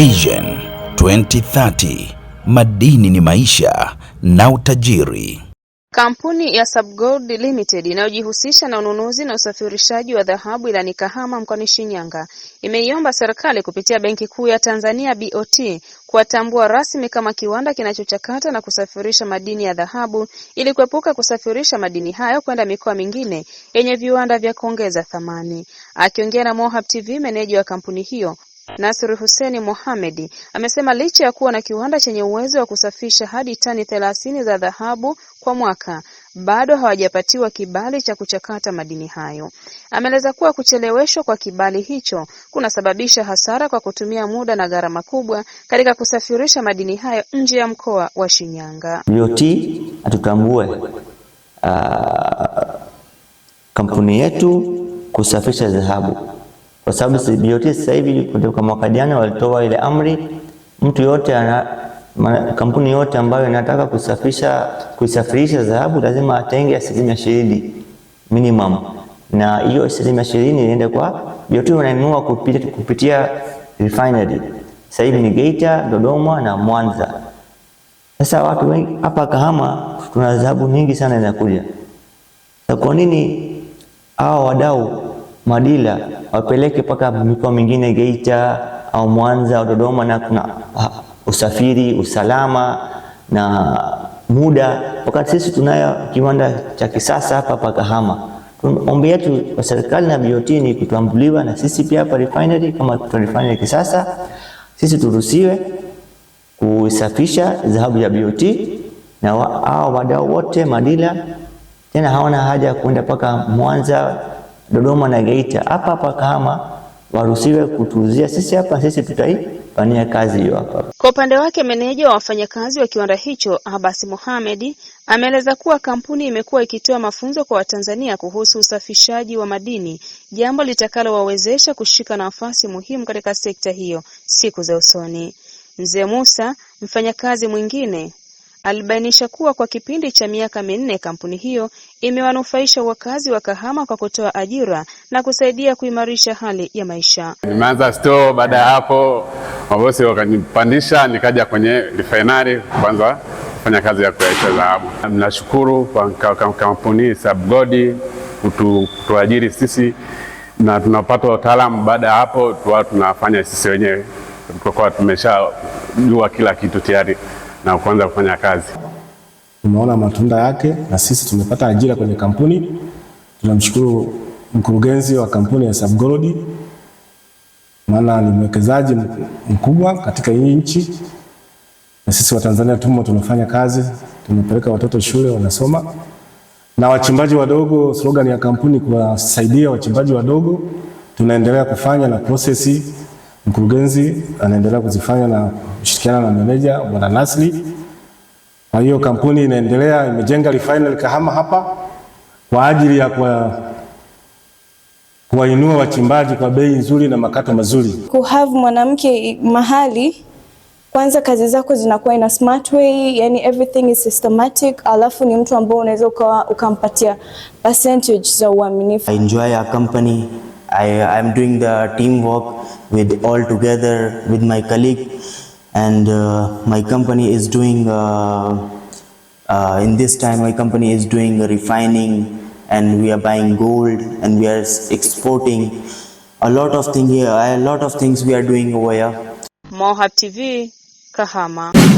Vision 2030 madini ni maisha na utajiri. Kampuni ya Subgold Limited inayojihusisha na ununuzi na usafirishaji wa dhahabu ila Kahama mkoani Shinyanga imeiomba serikali kupitia Benki Kuu ya Tanzania BOT kuwatambua rasmi kama kiwanda kinachochakata na kusafirisha madini ya dhahabu ili kuepuka kusafirisha madini hayo kwenda mikoa mingine yenye viwanda vya kuongeza thamani. Akiongea na Mohab TV, meneja wa kampuni hiyo Nasir Hussein Mohamed amesema licha ya kuwa na kiwanda chenye uwezo wa kusafisha hadi tani thelathini za dhahabu kwa mwaka bado hawajapatiwa kibali cha kuchakata madini hayo. Ameeleza kuwa kucheleweshwa kwa kibali hicho kunasababisha hasara kwa kutumia muda na gharama kubwa katika kusafirisha madini hayo nje ya mkoa wa Shinyanga. BOT atutambue uh, kampuni yetu kusafisha dhahabu kwa sababu BOT sasa hivi kutoka mwaka jana walitoa ile amri, mtu yote ana kampuni yote ambayo inataka kusafisha kuisafirisha dhahabu lazima atenge asilimia ishirini minimum, na hiyo asilimia ishirini inaenda kwa BOT wananunua kupitia, kupitia refinery. Sasa hivi ni Geita, Dodoma na Mwanza. Sasa watu wengi hapa Kahama tuna dhahabu nyingi sana inakuja. Sasa Kwa nini hao wadau madila wapeleke mpaka mikoa mingine Geita au Mwanza au Dodoma, na kuna ah, usafiri, usalama na muda, wakati sisi tunayo kiwanda cha kisasa hapa hapa Kahama. Ombi yetu kwa serikali na BOT ni kutambuliwa na sisi pia hapa refinery kama refinery kisasa, sisi turuhusiwe kusafisha dhahabu ya BOT na hao wadau wote madila, tena hawana haja ya kuenda mpaka Mwanza Dodoma na Geita hapa hapa Kahama waruhusiwe kutuuzia sisi hapa, sisi tutaifanyia kazi hiyo hapa. Kwa upande wake, meneja wa wafanyakazi wa kiwanda hicho Abbas Mohamed ameeleza kuwa kampuni imekuwa ikitoa mafunzo kwa Watanzania kuhusu usafishaji wa madini, jambo litakalowawezesha kushika nafasi muhimu katika sekta hiyo siku za usoni. Mzee Musa, mfanyakazi mwingine alibainisha kuwa kwa kipindi cha miaka minne kampuni hiyo imewanufaisha wakazi wa Kahama kwa kutoa ajira na kusaidia kuimarisha hali ya maisha. Nimeanza store, baada ya hapo mabosi wakanipandisha nikaja kwenye refinery kwanza kufanya kazi ya kuyalisha dhahabu. Nashukuru kwa kampuni Sabgodi kutuajiri sisi na tunapata wataalamu. Baada ya hapo tuwa tunafanya sisi wenyewe, tutakuwa tumeshajua kila kitu tayari na kuanza kufanya kazi. Tumeona matunda yake na sisi tumepata ajira kwenye kampuni. Tunamshukuru mkurugenzi wa kampuni ya Subgold, maana ni mwekezaji mkubwa katika hii nchi, na sisi Watanzania tumo tunafanya kazi, tumepeleka watoto shule wanasoma, na wachimbaji wadogo, slogan ya kampuni kuwasaidia wachimbaji wadogo, tunaendelea kufanya na prosesi Mkurugenzi anaendelea kuzifanya na kushirikiana na meneja bwana Nasli. Kwa hiyo kampuni inaendelea, imejenga refinery Kahama hapa kwa ajili ya kwa kuwainua wachimbaji kwa bei nzuri na makato mazuri. Kuhave mwanamke mahali kwanza kazi zako zinakuwa in a smart way, yani everything is systematic, alafu ni mtu ambaye unaweza ukampatia percentage za uaminifu. I enjoy our company. I, I'm doing the teamwork with all together with my colleague and uh, my company is doing uh, uh, in this time my company is doing refining and we are buying gold and we are exporting a lot of thing here a lot of things we are doing over here mohab tv kahama